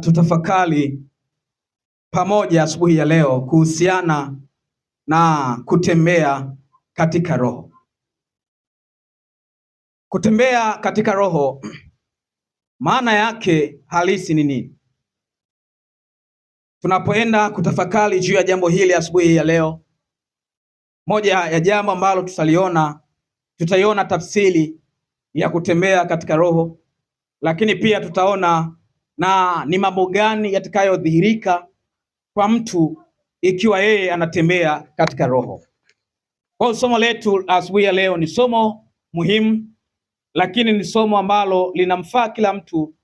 Tutafakari pamoja asubuhi ya leo kuhusiana na kutembea katika Roho. Kutembea katika Roho, maana yake halisi ni nini? Tunapoenda kutafakari juu ya jambo hili asubuhi ya leo, moja ya jambo ambalo tutaliona, tutaiona tafsiri ya kutembea katika Roho, lakini pia tutaona na ni mambo gani yatakayodhihirika kwa mtu ikiwa yeye anatembea katika Roho. Kwa somo letu asubuhi ya leo ni somo muhimu, lakini ni somo ambalo linamfaa kila mtu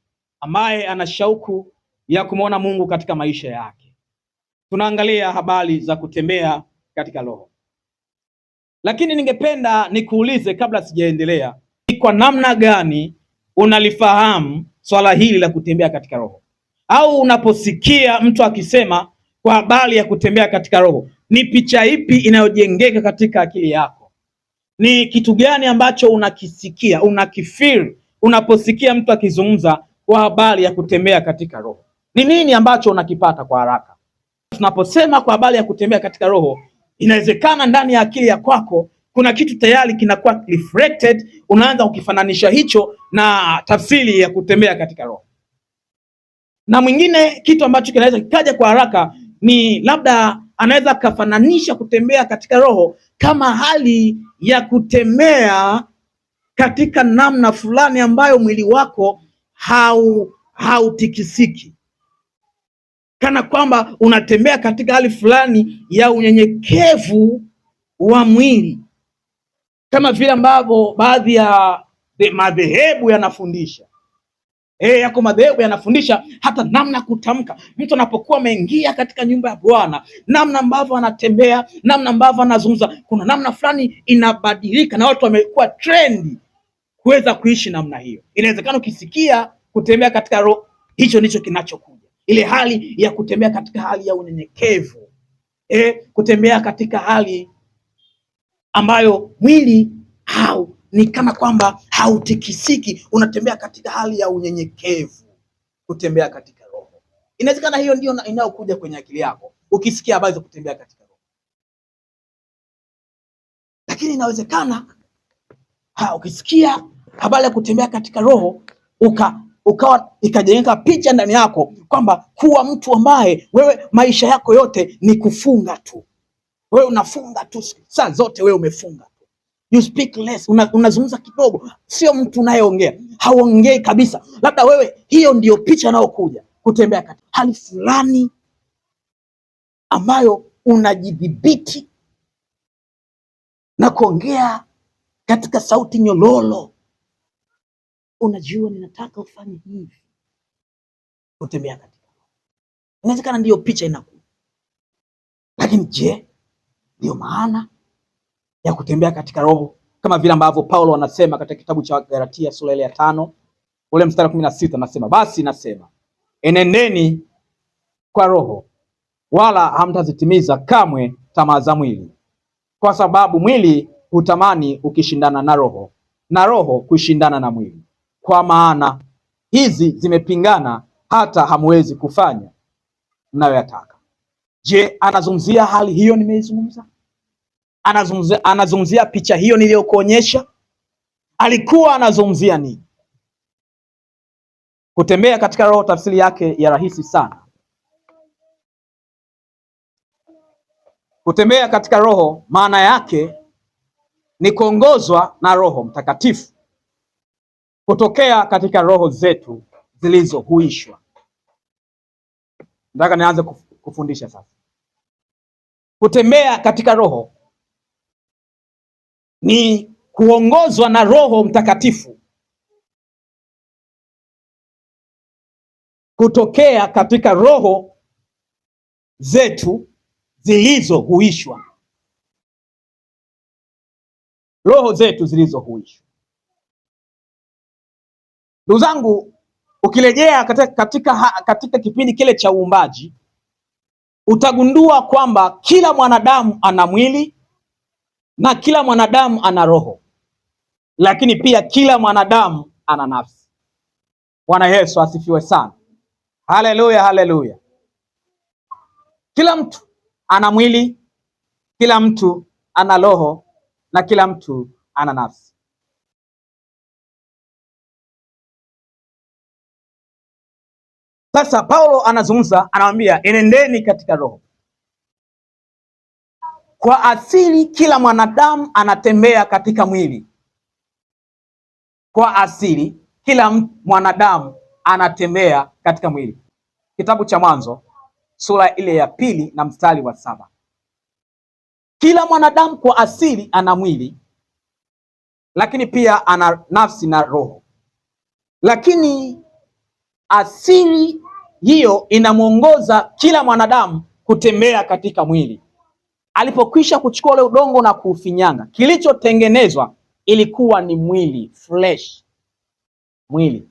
ambaye ana shauku ya kumwona Mungu katika maisha yake. Tunaangalia habari za kutembea katika Roho, lakini ningependa nikuulize kabla sijaendelea, ni kwa namna gani unalifahamu swala hili la kutembea katika roho, au unaposikia mtu akisema kwa habari ya kutembea katika roho, ni picha ipi inayojengeka katika akili yako? Ni kitu gani ambacho unakisikia unakifiri unaposikia mtu akizungumza kwa habari ya kutembea katika roho? Ni nini ambacho unakipata kwa haraka? Tunaposema kwa habari ya kutembea katika roho, inawezekana ndani ya akili ya kwako kuna kitu tayari kinakuwa reflected, unaanza kukifananisha hicho na tafsiri ya kutembea katika roho. Na mwingine kitu ambacho kinaweza kikaja kwa haraka ni labda anaweza akafananisha kutembea katika roho kama hali ya kutembea katika namna fulani ambayo mwili wako hau hautikisiki, kana kwamba unatembea katika hali fulani ya unyenyekevu wa mwili kama vile ambavyo baadhi ya madhehebu yanafundisha. E, yako madhehebu yanafundisha hata namna ya kutamka mtu anapokuwa ameingia katika nyumba ya Bwana, namna ambavyo anatembea, namna ambavyo anazungumza, kuna namna fulani inabadilika, na watu wamekuwa trendi kuweza kuishi namna hiyo. Inawezekana ukisikia kutembea katika roho, hicho ndicho kinachokuja, ile hali ya kutembea katika hali ya unyenyekevu, e, kutembea katika hali ambayo mwili au ni kama kwamba hautikisiki, unatembea katika hali ya unyenyekevu, kutembea katika roho. Inawezekana hiyo ndio inayokuja kwenye akili yako ukisikia habari za kutembea katika roho, lakini inawezekana ha, ukisikia habari ya kutembea katika roho uka ukawa ikajenga picha ndani yako kwamba kuwa mtu ambaye wewe maisha yako yote ni kufunga tu wewe unafunga tu saa zote, wewe umefunga tu, you speak less, unazungumza una kidogo, sio mtu unayeongea, hauongei kabisa. Labda wewe, hiyo ndiyo picha inayokuja kutembea kati hali fulani ambayo unajidhibiti na kuongea katika sauti nyololo. Unajua, ninataka ufanye hivi, kutembea katika, inawezekana ndiyo picha inakuja, lakini je Ndiyo maana ya kutembea katika Roho, kama vile ambavyo Paulo anasema katika kitabu cha Galatia sura ile ya tano ule mstari wa kumi na sita anasema basi nasema enendeni kwa Roho, wala hamtazitimiza kamwe tamaa za mwili, kwa sababu mwili hutamani ukishindana na Roho, na Roho kushindana na mwili, kwa maana hizi zimepingana, hata hamwezi kufanya mnayoyataka. Je, anazungumzia hali hiyo nimeizungumza? anazungumzia, anazungumzia picha hiyo niliyokuonyesha. Alikuwa anazungumzia nini? Kutembea katika Roho, tafsiri yake ya rahisi sana. Kutembea katika Roho maana yake ni kuongozwa na Roho Mtakatifu, kutokea katika roho zetu zilizohuishwa. Nataka nianze kufundisha sasa. Kutembea katika Roho ni kuongozwa na Roho Mtakatifu kutokea katika roho zetu zilizohuishwa, roho zetu zilizohuishwa. Ndugu zangu, ukirejea katika, katika, katika kipindi kile cha uumbaji utagundua kwamba kila mwanadamu ana mwili na kila mwanadamu ana roho, lakini pia kila mwanadamu ana nafsi. Bwana Yesu asifiwe sana, haleluya, haleluya. Kila mtu ana mwili, kila mtu ana roho na kila mtu ana nafsi. Sasa Paulo anazungumza, anawambia enendeni katika roho kwa asili kila mwanadamu anatembea katika mwili. Kwa asili kila mwanadamu anatembea katika mwili. Kitabu cha Mwanzo sura ile ya pili na mstari wa saba. Kila mwanadamu kwa asili ana mwili, lakini pia ana nafsi na roho, lakini asili hiyo inamwongoza kila mwanadamu kutembea katika mwili. Alipokwisha kuchukua ule udongo na kuufinyanga, kilichotengenezwa ilikuwa ni mwili flesh, mwili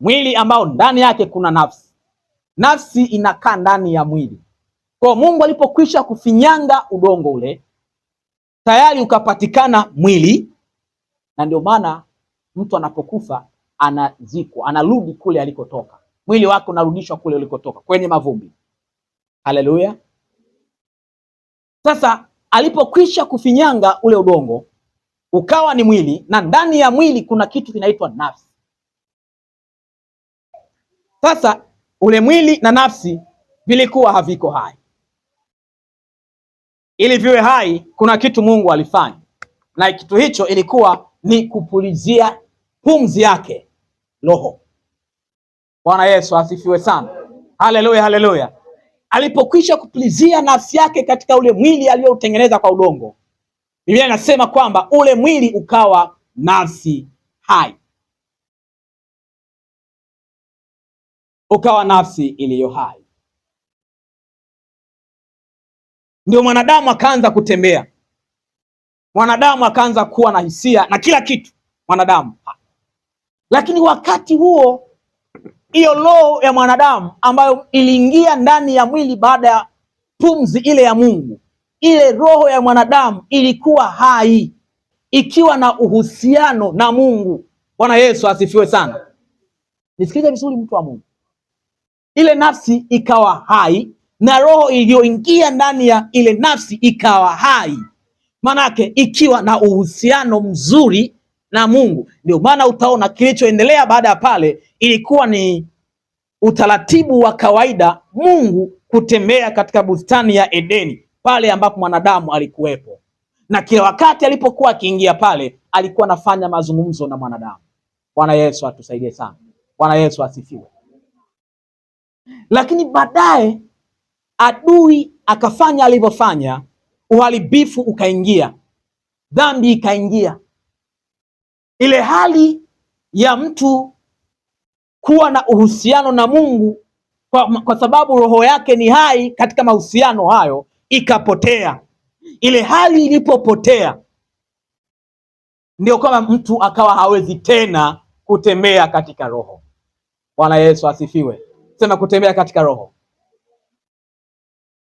mwili ambao ndani yake kuna nafsi, nafsi inakaa ndani ya mwili. Kwa Mungu alipokwisha kufinyanga udongo ule, tayari ukapatikana mwili, na ndio maana mtu anapokufa anazikwa, anarudi kule alikotoka. Mwili wake unarudishwa kule ulikotoka, kwenye mavumbi. Haleluya! Sasa alipokwisha kufinyanga ule udongo ukawa ni mwili, na ndani ya mwili kuna kitu kinaitwa nafsi. Sasa ule mwili na nafsi vilikuwa haviko hai. Ili viwe hai, kuna kitu Mungu alifanya, na kitu hicho ilikuwa ni kupulizia pumzi yake Roho. Bwana Yesu asifiwe sana. Haleluya, haleluya alipokwisha kupulizia nafsi yake katika ule mwili aliyoutengeneza kwa udongo, Biblia inasema kwamba ule mwili ukawa nafsi hai, ukawa nafsi iliyo hai. Ndio mwanadamu akaanza kutembea, mwanadamu akaanza kuwa na hisia na kila kitu mwanadamu, lakini wakati huo hiyo roho ya mwanadamu ambayo iliingia ndani ya mwili baada ya pumzi ile ya Mungu, ile roho ya mwanadamu ilikuwa hai ikiwa na uhusiano na Mungu. Bwana Yesu asifiwe sana. Nisikilize vizuri, mtu wa Mungu, ile nafsi ikawa hai na roho iliyoingia ndani ya ile nafsi ikawa hai, manake ikiwa na uhusiano mzuri na Mungu. Ndio maana utaona kilichoendelea baada ya pale ilikuwa ni utaratibu wa kawaida, Mungu kutembea katika bustani ya Edeni pale ambapo mwanadamu alikuwepo, na kila wakati alipokuwa akiingia pale alikuwa anafanya mazungumzo na mwanadamu. Bwana Yesu atusaidie sana. Bwana Yesu asifiwe. Lakini baadaye adui akafanya alivyofanya, uharibifu ukaingia, dhambi ikaingia ile hali ya mtu kuwa na uhusiano na Mungu kwa, kwa sababu roho yake ni hai katika mahusiano hayo ikapotea. Ile hali ilipopotea, ndio kama mtu akawa hawezi tena kutembea katika roho. Bwana Yesu asifiwe. Sema kutembea katika roho.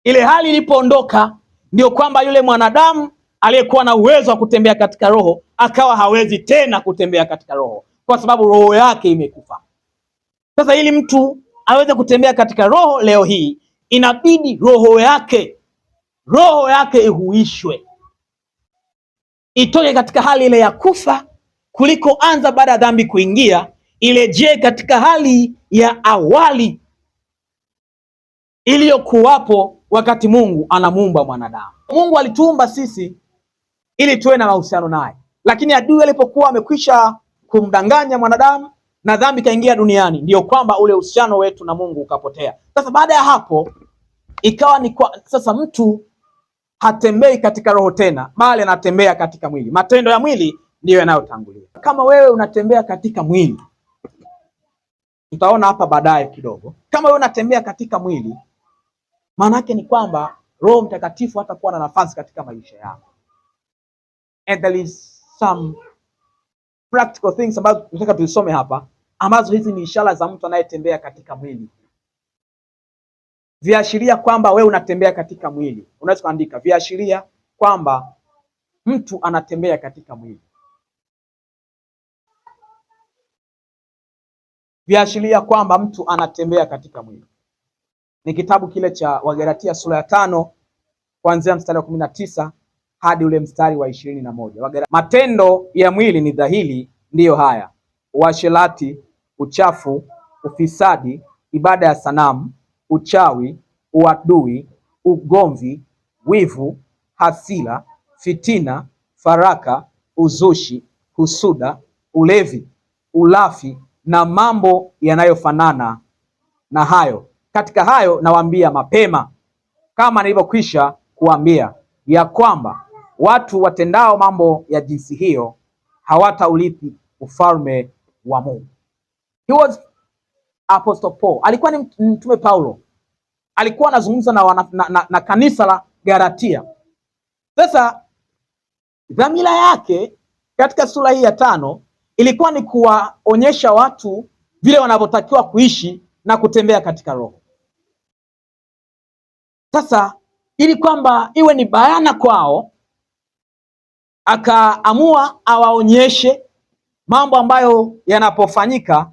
Ile hali ilipoondoka, ndio kwamba yule mwanadamu aliyekuwa na uwezo wa kutembea katika roho akawa hawezi tena kutembea katika roho kwa sababu roho yake imekufa. Sasa ili mtu aweze kutembea katika roho leo hii, inabidi roho yake roho yake ihuishwe, itoke katika hali ile ya kufa kuliko anza baada ya dhambi kuingia, irejee katika hali ya awali iliyokuwapo wakati Mungu anamuumba mwanadamu. Mungu alituumba sisi ili tuwe na mahusiano naye. Lakini adui alipokuwa amekwisha kumdanganya mwanadamu na dhambi kaingia duniani, ndiyo kwamba ule uhusiano wetu na Mungu ukapotea. Sasa baada ya hapo ikawa ni kwa sasa mtu hatembei katika roho tena, bali anatembea katika mwili. Matendo ya mwili ndiyo yanayotangulia. Kama wewe unatembea katika mwili, tutaona hapa baadaye kidogo. Kama wewe unatembea katika mwili, maana yake ni kwamba Roho Mtakatifu hatakuwa na nafasi katika maisha yako and there is some practical things ambazo tunataka tuisome hapa, ambazo hizi ni ishara za mtu anayetembea katika mwili, viashiria kwamba we unatembea katika mwili. Unaweza kuandika viashiria kwamba mtu anatembea katika mwili, viashiria kwamba mtu anatembea katika mwili. Ni kitabu kile cha Wagalatia sura ya tano kuanzia mstari wa kumi na tisa hadi ule mstari wa ishirini na moja. Matendo ya mwili ni dhahiri, ndiyo haya: uasherati, uchafu, ufisadi, ibada ya sanamu, uchawi, uadui, ugomvi, wivu, hasira, fitina, faraka, uzushi, husuda, ulevi, ulafi na mambo yanayofanana na hayo. Katika hayo nawaambia mapema, kama nilivyokwisha kuambia ya kwamba watu watendao mambo ya jinsi hiyo hawataurithi ufalme wa Mungu. He was Apostle Paul, alikuwa ni mtume Paulo, alikuwa anazungumza na, na, na, na kanisa la Galatia. Sasa dhamira yake katika sura hii ya tano ilikuwa ni kuwaonyesha watu vile wanavyotakiwa kuishi na kutembea katika roho. Sasa ili kwamba iwe ni bayana kwao akaamua awaonyeshe mambo ambayo yanapofanyika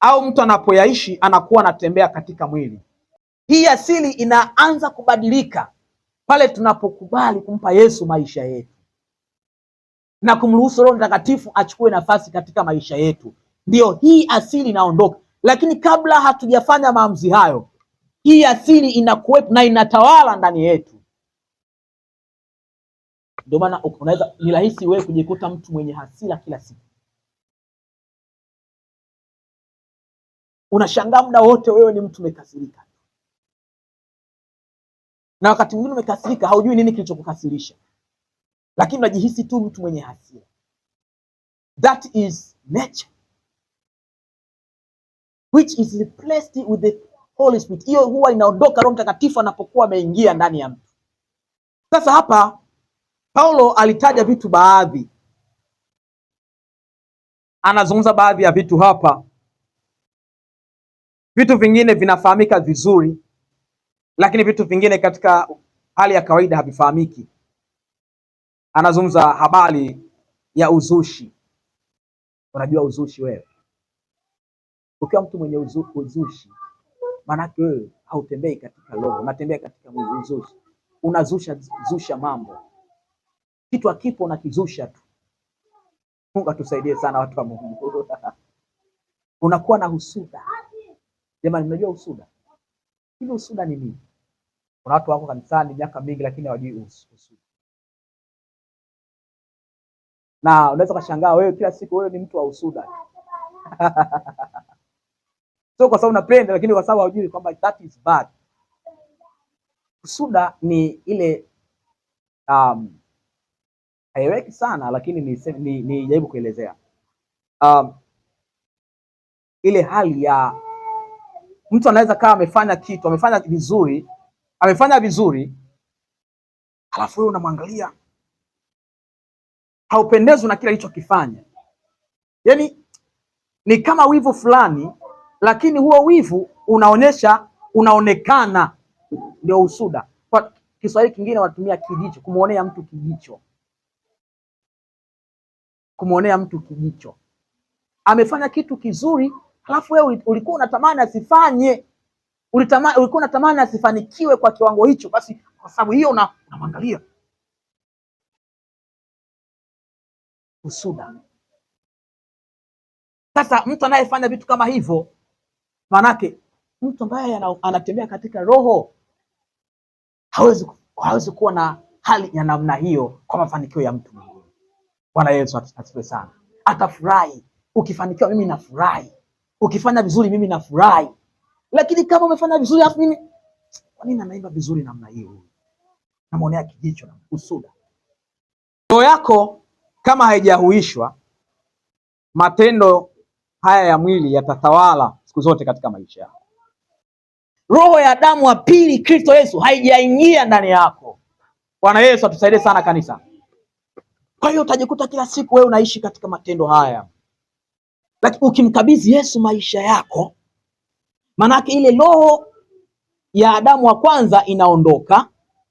au mtu anapoyaishi anakuwa anatembea katika mwili. Hii asili inaanza kubadilika pale tunapokubali kumpa Yesu maisha yetu na kumruhusu Roho Mtakatifu achukue nafasi katika maisha yetu, ndiyo hii asili inaondoka. Lakini kabla hatujafanya maamuzi hayo, hii asili inakuwepo na inatawala ndani yetu. Ndio maana unaweza ni rahisi wewe kujikuta mtu mwenye hasira kila siku. Unashangaa muda wote wewe ni mtu umekasirika, na wakati mwingine umekasirika haujui nini kilichokukasirisha, lakini unajihisi tu mtu mwenye hasira. That is nature which is replaced with the Holy Spirit. Hiyo huwa inaondoka, Roho Mtakatifu anapokuwa ameingia ndani ya mtu. Sasa hapa Paulo alitaja vitu baadhi, anazungumza baadhi ya vitu hapa. Vitu vingine vinafahamika vizuri, lakini vitu vingine katika hali ya kawaida havifahamiki. Anazungumza habari ya uzushi. Unajua uzushi wewe? Ukiwa mtu mwenye uzu, uzushi maanake wewe hautembei katika roho, unatembea katika mwili. Uzushi unazusha zusha mambo kitu akipo unakizusha tu. Mungu atusaidie sana watu wa Mungu. Unakuwa na husuda. Jamani, mnajua husuda? Hivi husuda ni nini? Kuna watu wako kanisani miaka mingi lakini hawajui husuda. Na unaweza kashangaa wewe kila siku wewe ni mtu wa husuda. So kwa sababu unapenda lakini kwa sababu hujui kwamba that is bad. Husuda ni ile um, haiweki sana lakini ni, ni jaribu kuelezea um, ile hali ya mtu anaweza kawa amefanya kitu amefanya vizuri amefanya vizuri, halafu wewe unamwangalia haupendezwi na kile alichokifanya. Yani ni kama wivu fulani, lakini huo wivu unaonyesha unaonekana ndio usuda. Kwa Kiswahili kingine wanatumia kijicho, kumuonea mtu kijicho kumwonea mtu kijicho. Amefanya kitu kizuri, halafu wewe ulikuwa unatamani asifanye, ulitamani, ulikuwa unatamani asifanikiwe kwa kiwango hicho, basi kwa sababu hiyo unamwangalia husuda. Sasa mtu anayefanya vitu kama hivyo, maanake mtu ambaye anatembea katika roho hawezi hawezi kuwa na hali ya namna hiyo kwa mafanikio ya mtu. Bwana Yesu asifiwe sana. Atafurahi ukifanikiwa, mimi nafurahi, ukifanya vizuri, mimi nafurahi. Lakini kama umefanya vizuri afu mimi kwa nini anaimba vizuri namna hiyo? Namuonea kijicho na usuda. Roho yako kama haijahuishwa, matendo haya ya mwili yatatawala siku zote katika maisha yako. Roho ya damu ya pili Kristo Yesu haijaingia ndani yako. Bwana Yesu atusaidie sana kanisa. Kwa hiyo utajikuta kila siku wewe unaishi katika matendo haya, lakini ukimkabidhi Yesu maisha yako, maanake ile roho ya Adamu wa kwanza inaondoka,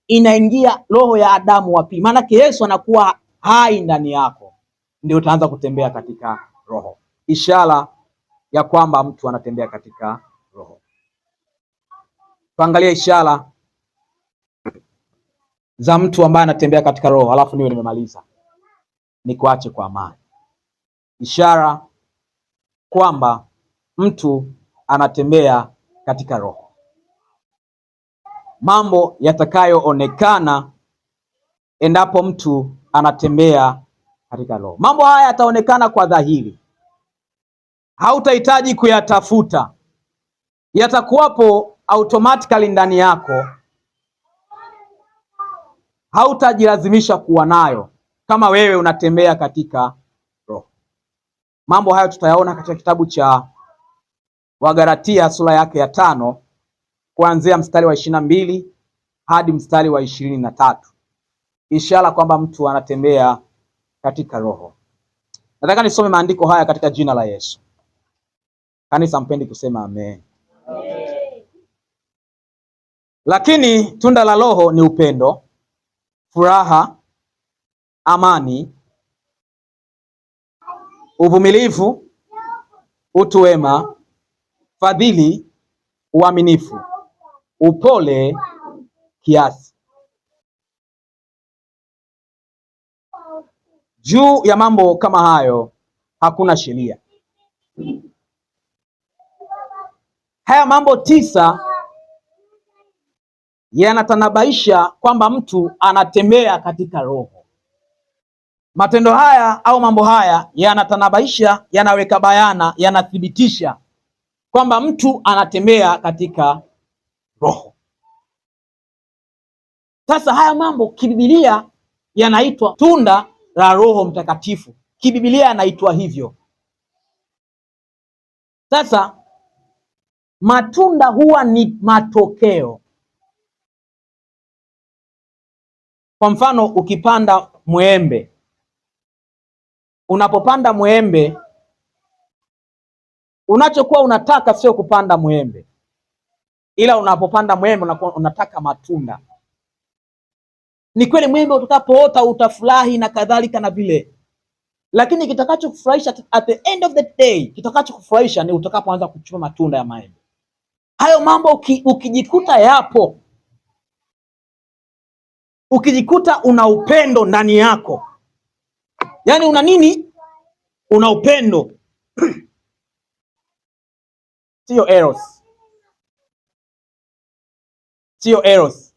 inaingia roho ya Adamu wa pili, maanake Yesu anakuwa hai ndani yako, ndio utaanza kutembea katika roho, ishara ya kwamba mtu anatembea katika roho. Tuangalia ishara za mtu ambaye anatembea katika roho, alafu niwe nimemaliza ni kuache kwa amani, ishara kwamba mtu anatembea katika roho. Mambo yatakayoonekana endapo mtu anatembea katika roho, mambo haya yataonekana kwa dhahiri, hautahitaji kuyatafuta, yatakuwapo automatically ndani yako, hautajilazimisha kuwa nayo kama wewe unatembea katika roho. Mambo hayo tutayaona katika kitabu cha Wagalatia sura yake ya tano kuanzia mstari wa ishirini na mbili hadi mstari wa ishirini na tatu ishara kwamba mtu anatembea katika roho. Nataka nisome maandiko haya katika jina la Yesu. Kanisa mpendi kusema amen. Amen. Lakini tunda la Roho ni upendo, furaha, amani, uvumilivu, utu wema, fadhili, uaminifu, upole, kiasi. Juu ya mambo kama hayo hakuna sheria. Haya mambo tisa yanatanabaisha kwamba mtu anatembea katika Roho. Matendo haya au mambo haya yanatanabaisha, yanaweka bayana, yanathibitisha kwamba mtu anatembea katika roho. Sasa haya mambo kibibilia yanaitwa tunda la Roho Mtakatifu, kibibilia yanaitwa hivyo. Sasa matunda huwa ni matokeo. Kwa mfano, ukipanda mwembe unapopanda mwembe, unachokuwa unataka sio kupanda mwembe, ila unapopanda mwembe unataka matunda. Ni kweli mwembe utakapoota utafurahi na kadhalika na vile, lakini kitakachokufurahisha at the end of the day, kitakachokufurahisha ni utakapoanza kuchuma matunda ya maembe. Hayo mambo uki, ukijikuta yapo, ukijikuta una upendo ndani yako yani una nini? Una upendo sio eros, sio eros,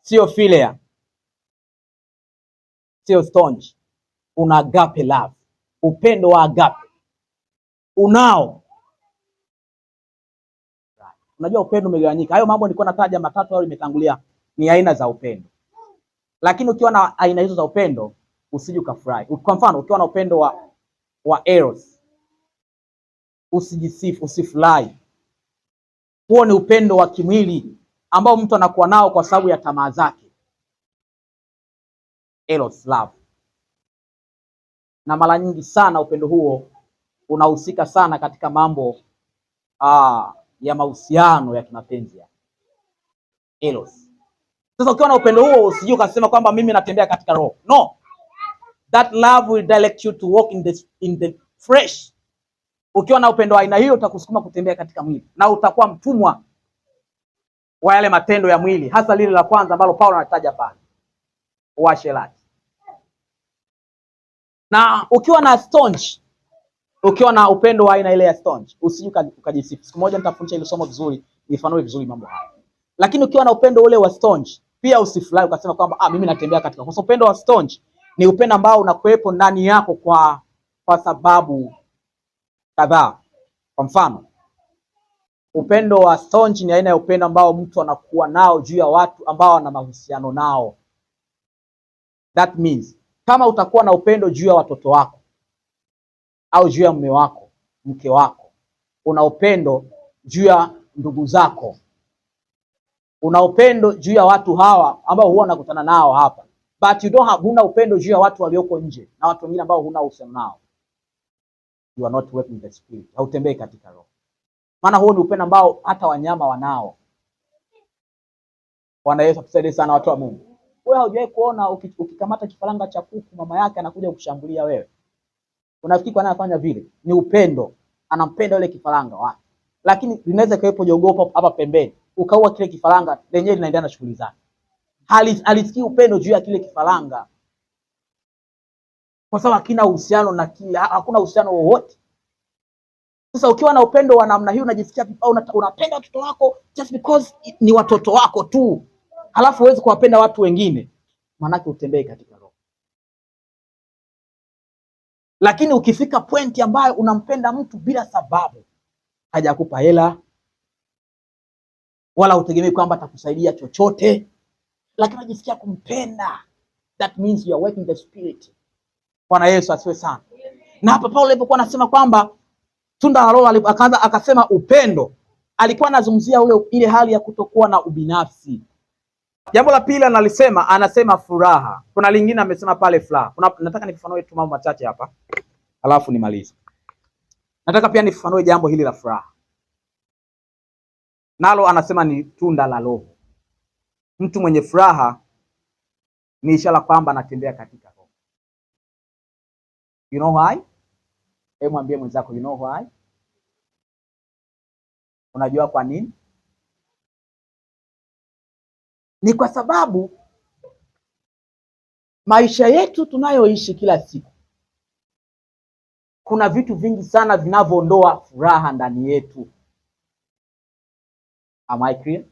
sio filia, sio stonji. Una agape love, upendo wa agape unao. Unajua upendo umegawanyika. Hayo mambo nilikuwa nataja matatu, hayo imetangulia ni aina za upendo. Lakini ukiwa na aina hizo za upendo usije ukafurahi. Kwa mfano, ukiwa na upendo wa wa eros, usijisifu, usifurahi. Huo ni upendo wa kimwili ambao mtu anakuwa nao kwa sababu ya tamaa zake, eros love. Na mara nyingi sana upendo huo unahusika sana katika mambo aa, ah, ya mahusiano ya kimapenzi ya eros. Sasa ukiwa na upendo huo usije ukasema kwamba mimi natembea katika roho. No. That love will direct you to walk in the, in the fresh. Ukiwa na upendo aina hiyo utakusukuma kutembea katika mwili na utakuwa mtumwa wa yale matendo ya mwili, hasa lile la kwanza ambalo Paulo anataja pale, uasherati. Na ukiwa na staunch, ukiwa na upendo wa aina ile ya staunch, usije ukajisifu. Siku moja nitafundisha ile somo vizuri, nifanue vizuri mambo haya. Lakini ukiwa na upendo ule wa stonji, pia usifurahi ukasema kwamba ah, mimi natembea katika kosa. Upendo wa stonji ni upendo ambao unakuwepo ndani yako kwa kwa sababu kadhaa. Kwa mfano, upendo wa stonji ni aina ya upendo ambao mtu anakuwa nao juu ya watu ambao ana mahusiano nao. That means kama utakuwa na upendo juu ya watoto wako au juu ya mume wako, mke wako, una upendo juu ya ndugu zako Una upendo juu ya watu hawa ambao huwa unakutana nao hapa, but you don't have, huna upendo juu ya watu walioko nje na watu wengine ambao huna uhusiano nao. You are not working the spirit, hautembei katika roho. Maana huo ni upendo ambao hata wanyama wanao. Bwana Yesu atusaidie sana, watu wa Mungu. Wewe haujawahi kuona ukikamata kifaranga cha kuku mama yake anakuja kushambulia wewe? Unafikiri kwa nini anafanya vile? Ni upendo, anampenda yule kifaranga wake, lakini linaweza kuwepo jogopo hapa pembeni ukaua kile kifaranga, lenyewe linaendelea na shughuli zake. Halisikii upendo juu ya kile kifaranga, kwa sababu hakina uhusiano na kile, hakuna uhusiano wowote. Sasa ukiwa na upendo wa namna hiyo, unajisikia unapenda watoto wako just because ni watoto wako tu, halafu huwezi kuwapenda watu wengine, maanake utembee katika roho. Lakini ukifika pointi ambayo unampenda mtu bila sababu, hajakupa hela wala utegemee kwamba atakusaidia chochote, lakini unajisikia kumpenda. That means you are working the spirit. Bwana Yesu asiwe sana. Na hapa Paulo alipokuwa anasema kwamba tunda la Roho, akaanza akasema upendo, alikuwa anazungumzia ule ile hali ya kutokuwa na ubinafsi. Jambo la pili analisema, anasema furaha. Kuna lingine amesema pale furaha. Kuna, nataka nifafanue tu mambo machache hapa, alafu nimalize. Nataka pia nifafanue jambo hili la furaha nalo anasema ni tunda la Roho. Mtu mwenye furaha ni ishara kwamba anatembea katika Roho. You know why? Hebu mwambie mwenzako, you know why? Unajua kwa nini? Ni kwa sababu maisha yetu tunayoishi kila siku, kuna vitu vingi sana vinavyoondoa furaha ndani yetu. Am I clear?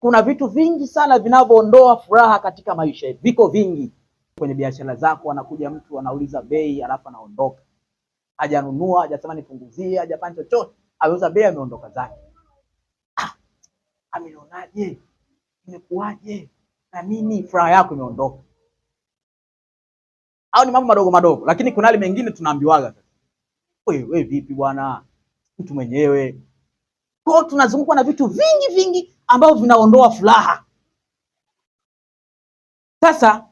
Kuna vitu vingi sana vinavyoondoa furaha katika maisha, viko vingi. Kwenye biashara zako, anakuja mtu anauliza bei, alafu anaondoka, hajanunua, hajasema nipunguzie, hajafanya chochote, ameuza bei, ameondoka zake. Ah, amelionaje? Imekuwaje? na nini? Furaha yako imeondoka. Au ni mambo madogo madogo, lakini kuna yale mengine tunaambiwaga sasa, wewe vipi bwana, mtu mwenyewe kwa tunazungukwa na vitu vingi vingi ambavyo vinaondoa furaha. Sasa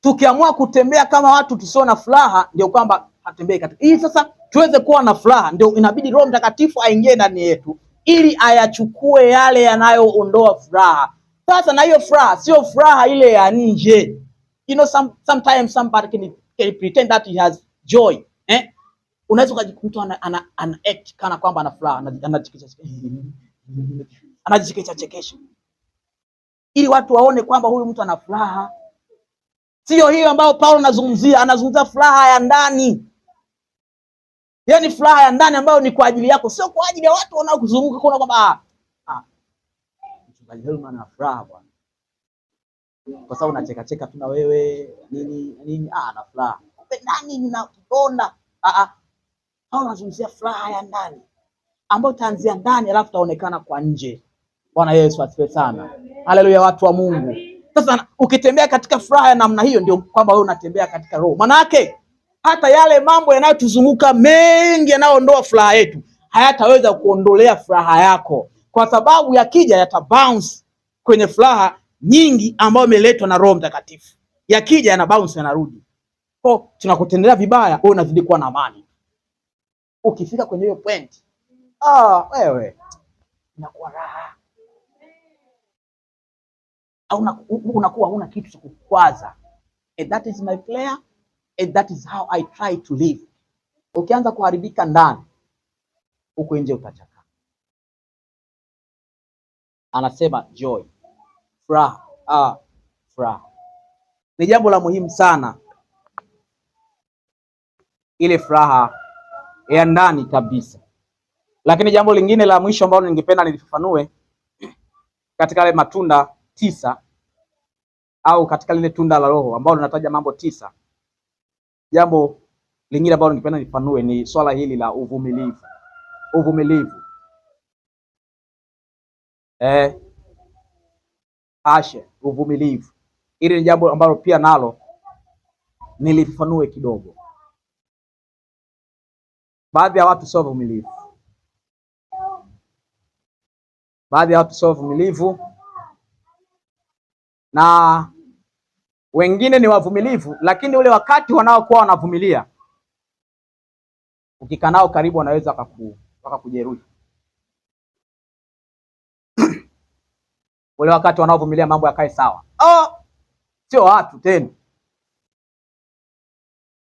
tukiamua kutembea kama watu tusio na furaha, ndio kwamba hatembei katika hii. Sasa tuweze kuwa na furaha, ndio inabidi Roho Mtakatifu aingie ndani yetu ili ayachukue yale yanayoondoa furaha. Sasa na hiyo furaha sio furaha ile ya nje. You know, some, sometimes somebody can, can pretend that he has joy unaweza ukamkuta ana, ana, ana act kana kwamba ana furaha, anajichekesha chekesha ili watu waone kwamba huyu mtu ana furaha. Sio hiyo ambayo Paulo anazungumzia, anazungumza furaha ya ndani, yaani furaha ya ndani ambayo ni kwa ajili yako, sio kwa ajili ya watu wanaokuzunguka kuona kwamba ah, ah, mchungaji Herman ana furaha bwana, kwa sababu nachekacheka tu na wewe nini nini, Ah, ana furaha kumbe ndani nina kidonda. Ah, Paulo anazungumzia furaha ya ndani ambayo itaanzia ndani alafu itaonekana kwa nje. Bwana Yesu asifiwe sana, haleluya, watu wa Mungu. Sasa ukitembea katika furaha ya namna hiyo, ndio kwamba wewe unatembea katika roho. Maana yake hata yale mambo yanayotuzunguka mengi yanayoondoa furaha yetu hayataweza kuondolea furaha yako, kwa sababu yakija bounce kwenye furaha nyingi ambayo imeletwa na Roho Mtakatifu. Yakija yana bounce yanarudi. Kwa tunakutendelea vibaya, wewe unazidi kuwa na amani Ukifika kwenye hiyo point, ah, wewe inakuwa raha, unakuwa huna kitu cha kukwaza. And that is my prayer and that is how I try to live. Ukianza kuharibika ndani, huko nje utachaka Anasema joy, furaha, ah, furaha ni jambo la muhimu sana, ile furaha ya ndani kabisa. Lakini jambo lingine la mwisho ambalo ningependa nilifafanue katika yale matunda tisa au katika lile tunda la Roho ambalo linataja mambo tisa, jambo lingine ambalo ningependa nifanue ni swala hili la uvumilivu. Uvumilivu eh, ashe, uvumilivu hili ni jambo ambalo pia nalo nilifafanue kidogo. Baadhi ya watu sio vumilivu, baadhi ya watu sio vumilivu, na wengine ni wavumilivu, lakini ule wakati wanaokuwa wanavumilia, ukikaa nao karibu, wanaweza wakakujeruhi. Ule wakati wanaovumilia mambo yakae sawa, oh, sio watu tena,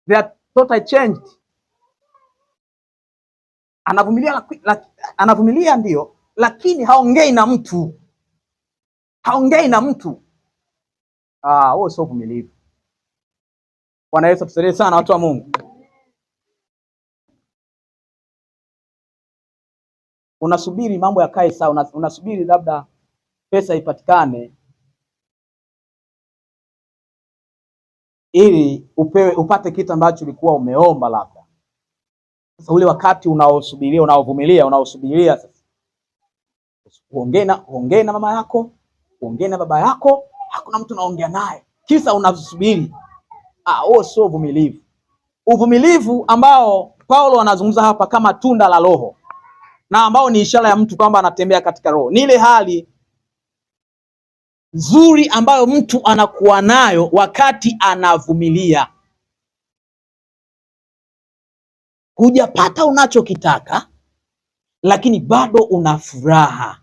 they are totally changed anavumilia, anavumilia ndio, lakini haongei na mtu, haongei na mtu. Ah, wewe sio vumilivu Bwana Yesu atusaidie sana, watu wa Mungu. Unasubiri mambo yakae sawa, unasubiri labda pesa ipatikane ili upewe upate kitu ambacho ulikuwa umeomba lako sasa ule wakati unaosubiria, unaovumilia, unaosubiria sasa, uongee na na mama yako, uongee na baba yako, hakuna mtu unaongea naye, kisa unasubiri. Ah, huo sio uvumilivu. Uvumilivu ambao Paulo anazungumza hapa kama tunda la Roho na ambao ni ishara ya mtu kwamba anatembea katika Roho ni ile hali nzuri ambayo mtu anakuwa nayo wakati anavumilia. hujapata unachokitaka, lakini bado una furaha,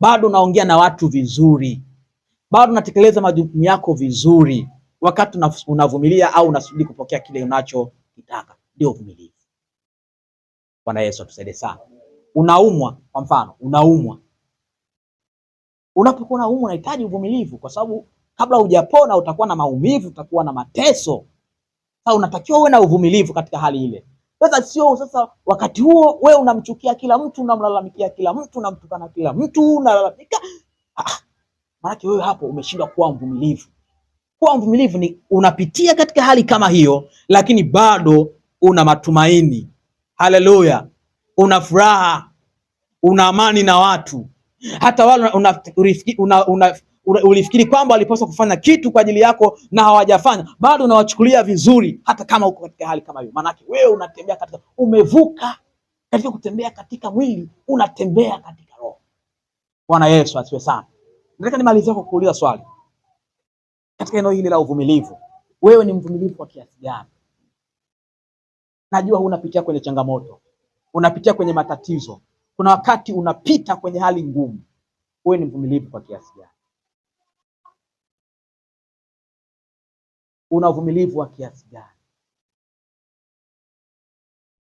bado unaongea na watu vizuri, bado unatekeleza majukumu yako vizuri, wakati unavumilia au unasubiri kupokea kile unachokitaka, ndio vumilivu. Bwana Yesu atusaidie sana. Unaumwa kwa mfano, unaumwa Unapokuwa unaumwa unahitaji uvumilivu, kwa sababu kabla hujapona utakuwa na maumivu, utakuwa na mateso. Sasa unatakiwa uwe na uvumilivu katika hali ile. Sasa sio sasa, wakati huo wewe unamchukia kila mtu, unamlalamikia kila mtu, unamtukana kila mtu, unalalamika ah, ah. Maanake wewe hapo umeshindwa kuwa mvumilivu. Kuwa mvumilivu ni unapitia katika hali kama hiyo, lakini bado una matumaini. Haleluya, una furaha, una amani na watu, hata wale una, una, una, una ulifikiri kwamba walipaswa kufanya kitu kwa ajili yako na hawajafanya, bado unawachukulia vizuri, hata kama uko katika hali kama hiyo. Maanake wewe unatembea katika, umevuka katika kutembea katika mwili, unatembea katika roho. Bwana Yesu asiwe sana. Nataka nimalizie kwa kuuliza swali katika eneo hili la uvumilivu, wewe ni mvumilivu kwa kiasi gani? Najua unapitia kwenye changamoto, unapitia kwenye matatizo, kuna wakati unapita kwenye hali ngumu. Wewe ni mvumilivu kwa kiasi gani? unavumilivu wa kiasi gani.